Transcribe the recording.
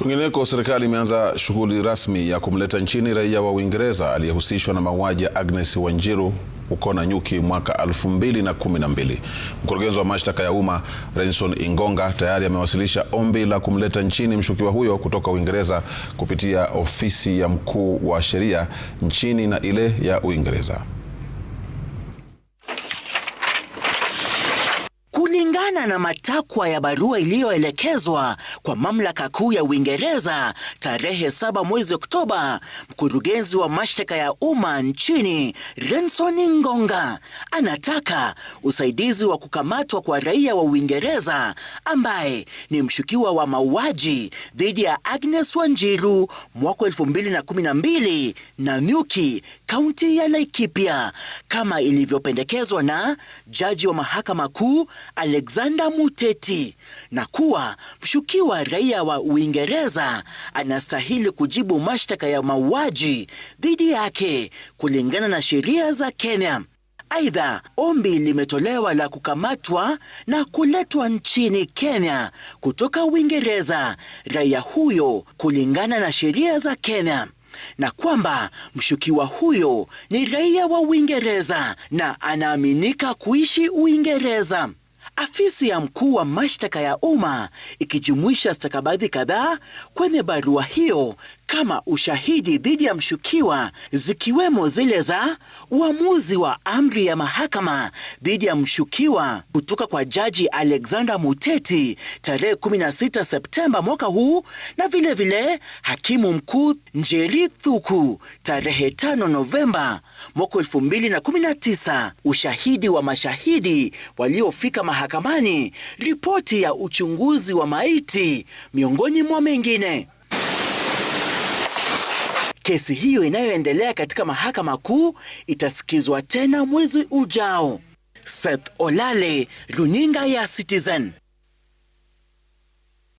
Kwingineko, serikali imeanza shughuli rasmi ya kumleta nchini raia wa Uingereza aliyehusishwa na mauaji ya Agnes Wanjiru huko Nanyuki mwaka 2012. Mkurugenzi wa mashtaka ya umma Renson Ingonga tayari amewasilisha ombi la kumleta nchini mshukiwa huyo kutoka Uingereza kupitia ofisi ya mkuu wa sheria nchini na ile ya Uingereza. Kulingana na matakwa ya barua iliyoelekezwa kwa mamlaka kuu ya Uingereza tarehe 7 mwezi Oktoba, mkurugenzi wa mashtaka ya umma nchini Renson Ngonga anataka usaidizi wa kukamatwa kwa raia wa Uingereza ambaye ni mshukiwa wa mauaji dhidi ya Agnes Wanjiru mwaka 2012 na Nyuki, kaunti ya Laikipia, kama ilivyopendekezwa na jaji wa mahakama kuu Alex Alexander Muteti na kuwa mshukiwa raia wa Uingereza anastahili kujibu mashtaka ya mauaji dhidi yake kulingana na sheria za Kenya. Aidha, ombi limetolewa la kukamatwa na kuletwa nchini Kenya kutoka Uingereza raia huyo kulingana na sheria za Kenya na kwamba mshukiwa huyo ni raia wa Uingereza na anaaminika kuishi Uingereza. Afisi ya mkuu wa mashtaka ya umma ikijumuisha stakabadhi kadhaa kwenye barua hiyo kama ushahidi dhidi ya mshukiwa, zikiwemo zile za uamuzi wa amri ya mahakama dhidi ya mshukiwa kutoka kwa Jaji Alexander Muteti tarehe 16 Septemba mwaka huu na vile vile hakimu mkuu Njeri Thuku tarehe 5 Novemba mwaka 2019, ushahidi wa mashahidi waliofika mahakama mahakamani ripoti ya uchunguzi wa maiti miongoni mwa mengine. Kesi hiyo inayoendelea katika mahakama kuu itasikizwa tena mwezi ujao. Seth Olale, runinga ya Citizen.